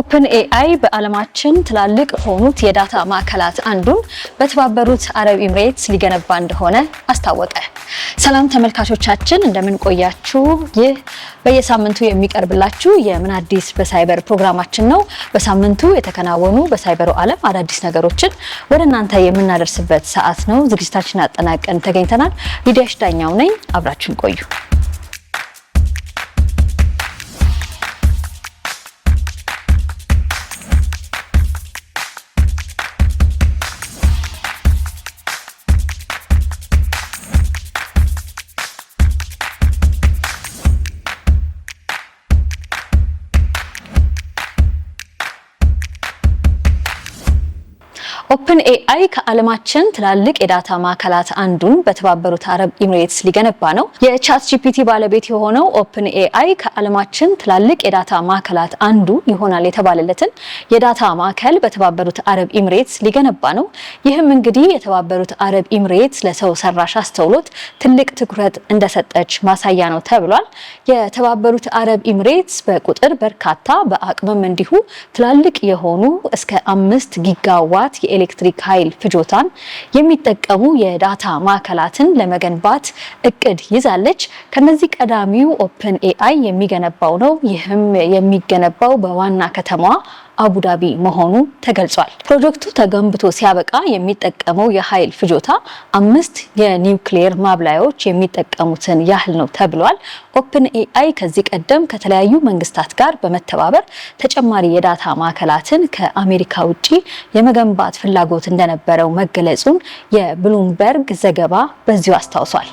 ኦፕን ኤአይ በዓለማችን ትላልቅ ሆኑት የዳታ ማዕከላት አንዱን በተባበሩት አረብ ኤምሬትስ ሊገነባ እንደሆነ አስታወቀ። ሰላም ተመልካቾቻችን እንደምን ቆያችሁ? ይህ በየሳምንቱ የሚቀርብላችሁ የምን አዲስ በሳይበር ፕሮግራማችን ነው። በሳምንቱ የተከናወኑ በሳይበሩ ዓለም አዳዲስ ነገሮችን ወደ እናንተ የምናደርስበት ሰዓት ነው። ዝግጅታችን አጠናቀን ተገኝተናል። ሊዲያሽ ዳኛው ነኝ። አብራችን ቆዩ። ኦፕን ኤአይ ከዓለማችን ትላልቅ የዳታ ማዕከላት አንዱን በተባበሩት አረብ ኤምሬትስ ሊገነባ ነው። የቻት ጂፒቲ ባለቤት የሆነው ኦፕን ኤአይ ከዓለማችን ትላልቅ የዳታ ማዕከላት አንዱ ይሆናል የተባለለትን የዳታ ማዕከል በተባበሩት አረብ ኤምሬትስ ሊገነባ ነው። ይህም እንግዲህ የተባበሩት አረብ ኤምሬትስ ለሰው ሰራሽ አስተውሎት ትልቅ ትኩረት እንደሰጠች ማሳያ ነው ተብሏል። የተባበሩት አረብ ኢሚሬትስ በቁጥር በርካታ በአቅምም እንዲሁ ትላልቅ የሆኑ እስከ አምስት ጊጋዋት የኤሌክትሪክ ኃይል ፍጆታን የሚጠቀሙ የዳታ ማዕከላትን ለመገንባት እቅድ ይዛለች። ከነዚህ ቀዳሚው ኦፕን ኤአይ የሚገነባው ነው። ይህም የሚገነባው በዋና ከተማዋ አቡዳቢ መሆኑ ተገልጿል። ፕሮጀክቱ ተገንብቶ ሲያበቃ የሚጠቀመው የኃይል ፍጆታ አምስት የኒውክሌር ማብላያዎች የሚጠቀሙትን ያህል ነው ተብሏል። ኦፕን ኤአይ ከዚህ ቀደም ከተለያዩ መንግስታት ጋር በመተባበር ተጨማሪ የዳታ ማዕከላትን ከአሜሪካ ውጭ የመገንባት ፍላጎት እንደነበረው መገለጹን የብሉምበርግ ዘገባ በዚሁ አስታውሷል።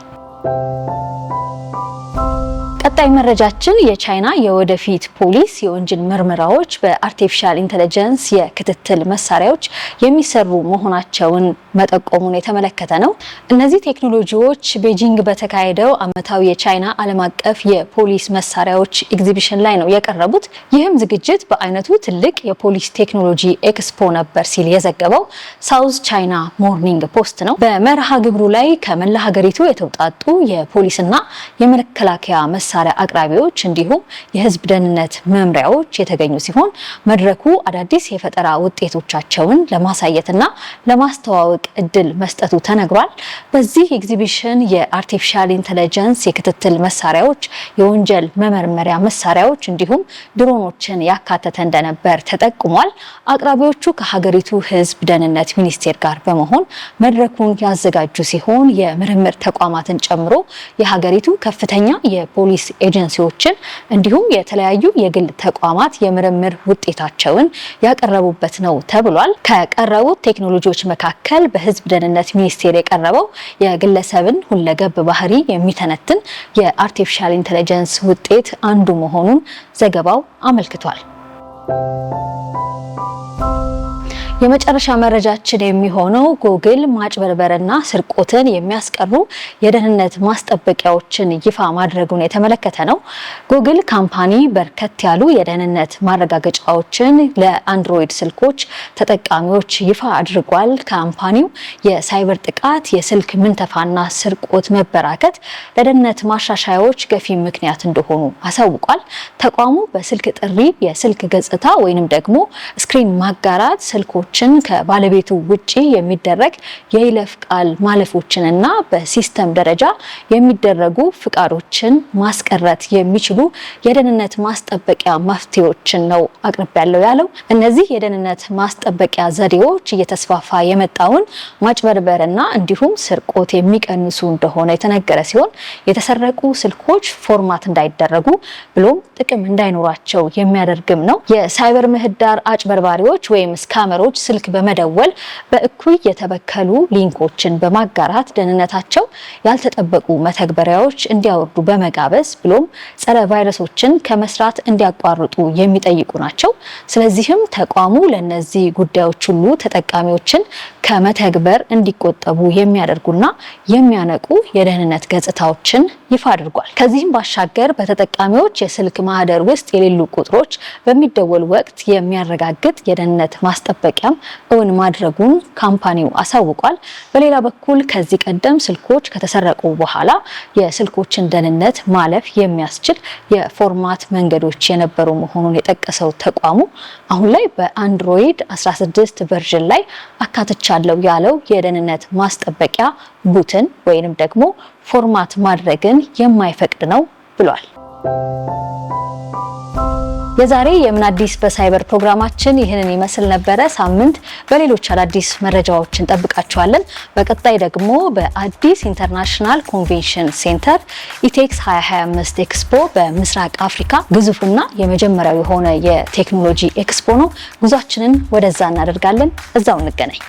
ቀጣይ መረጃችን የቻይና የወደፊት ፖሊስ የወንጀል ምርመራዎች በአርቲፊሻል ኢንተለጀንስ የክትትል መሳሪያዎች የሚሰሩ መሆናቸውን መጠቆሙን የተመለከተ ነው። እነዚህ ቴክኖሎጂዎች ቤጂንግ በተካሄደው ዓመታዊ የቻይና ዓለም አቀፍ የፖሊስ መሳሪያዎች ኤግዚቢሽን ላይ ነው የቀረቡት። ይህም ዝግጅት በአይነቱ ትልቅ የፖሊስ ቴክኖሎጂ ኤክስፖ ነበር ሲል የዘገበው ሳውዝ ቻይና ሞርኒንግ ፖስት ነው። በመርሃ ግብሩ ላይ ከመላ ሀገሪቱ የተውጣጡ የፖሊስና የመከላከያ መሳ መሳሪያ አቅራቢዎች እንዲሁም የህዝብ ደህንነት መምሪያዎች የተገኙ ሲሆን መድረኩ አዳዲስ የፈጠራ ውጤቶቻቸውን ለማሳየትና ለማስተዋወቅ እድል መስጠቱ ተነግሯል። በዚህ ኤግዚቢሽን የአርቲፊሻል ኢንተለጀንስ የክትትል መሳሪያዎች፣ የወንጀል መመርመሪያ መሳሪያዎች እንዲሁም ድሮኖችን ያካተተ እንደነበር ተጠቁሟል። አቅራቢዎቹ ከሀገሪቱ ህዝብ ደህንነት ሚኒስቴር ጋር በመሆን መድረኩን ያዘጋጁ ሲሆን የምርምር ተቋማትን ጨምሮ የሀገሪቱ ከፍተኛ የፖሊስ የፖሊስ ኤጀንሲዎችን እንዲሁም የተለያዩ የግል ተቋማት የምርምር ውጤታቸውን ያቀረቡበት ነው ተብሏል። ከቀረቡት ቴክኖሎጂዎች መካከል በህዝብ ደህንነት ሚኒስቴር የቀረበው የግለሰብን ሁለገብ ባህሪ የሚተነትን የአርቲፊሻል ኢንቴሊጀንስ ውጤት አንዱ መሆኑን ዘገባው አመልክቷል። የመጨረሻ መረጃችን የሚሆነው ጉግል ማጭበርበርና ስርቆትን የሚያስቀሩ የደህንነት ማስጠበቂያዎችን ይፋ ማድረጉን የተመለከተ ነው። ጉግል ካምፓኒ በርከት ያሉ የደህንነት ማረጋገጫዎችን ለአንድሮይድ ስልኮች ተጠቃሚዎች ይፋ አድርጓል። ካምፓኒው የሳይበር ጥቃት፣ የስልክ ምንተፋና ስርቆት መበራከት ለደህንነት ማሻሻያዎች ገፊ ምክንያት እንደሆኑ አሳውቋል። ተቋሙ በስልክ ጥሪ፣ የስልክ ገጽታ ወይንም ደግሞ ስክሪን ማጋራት ስልኮች ውሎችን ከባለቤቱ ውጪ የሚደረግ የይለፍ ቃል ማለፎችን በሲስተም ደረጃ የሚደረጉ ፍቃዶችን ማስቀረት የሚችሉ የደህንነት ማስጠበቂያ መፍትሄዎችን ነው አቅርብ ያለው ያለው እነዚህ የደህንነት ማስጠበቂያ ዘዴዎች እየተስፋፋ የመጣውን ማጭበርበር እንዲሁም ስርቆት የሚቀንሱ እንደሆነ የተነገረ ሲሆን የተሰረቁ ስልኮች ፎርማት እንዳይደረጉ ብሎም ጥቅም እንዳይኖራቸው የሚያደርግም ነው። የሳይበር ምህዳር አጭበርባሪዎች ወይም ስካመሮች ስልክ በመደወል በእኩይ የተበከሉ ሊንኮችን በማጋራት ደህንነታቸው ያልተጠበቁ መተግበሪያዎች እንዲያወርዱ በመጋበዝ ብሎም ጸረ ቫይረሶችን ከመስራት እንዲያቋርጡ የሚጠይቁ ናቸው። ስለዚህም ተቋሙ ለእነዚህ ጉዳዮች ሁሉ ተጠቃሚዎችን ከመተግበር እንዲቆጠቡ የሚያደርጉና የሚያነቁ የደህንነት ገጽታዎችን ይፋ አድርጓል። ከዚህም ባሻገር በተጠቃሚዎች የስልክ ማህደር ውስጥ የሌሉ ቁጥሮች በሚደወሉ ወቅት የሚያረጋግጥ የደህንነት ማስጠበቂያም እውን ማድረጉን ካምፓኒው አሳውቋል። በሌላ በኩል ከዚህ ቀደም ስልኮች ከተሰረቁ በኋላ የስልኮችን ደህንነት ማለፍ የሚያስችል የፎርማት መንገዶች የነበሩ መሆኑን የጠቀሰው ተቋሙ አሁን ላይ በአንድሮይድ 16 ቨርዥን ላይ አካትቻል አለው ያለው የደህንነት ማስጠበቂያ ቡትን ወይንም ደግሞ ፎርማት ማድረግን የማይፈቅድ ነው ብሏል። የዛሬ የምን አዲስ በሳይበር ፕሮግራማችን ይህንን ይመስል ነበረ። ሳምንት በሌሎች አዳዲስ መረጃዎች እንጠብቃቸዋለን። በቀጣይ ደግሞ በአዲስ ኢንተርናሽናል ኮንቬንሽን ሴንተር ኢቴክስ 2025 ኤክስፖ በምስራቅ አፍሪካ ግዙፉና የመጀመሪያው የሆነ የቴክኖሎጂ ኤክስፖ ነው። ጉዟችንን ወደዛ እናደርጋለን። እዛው እንገናኝ።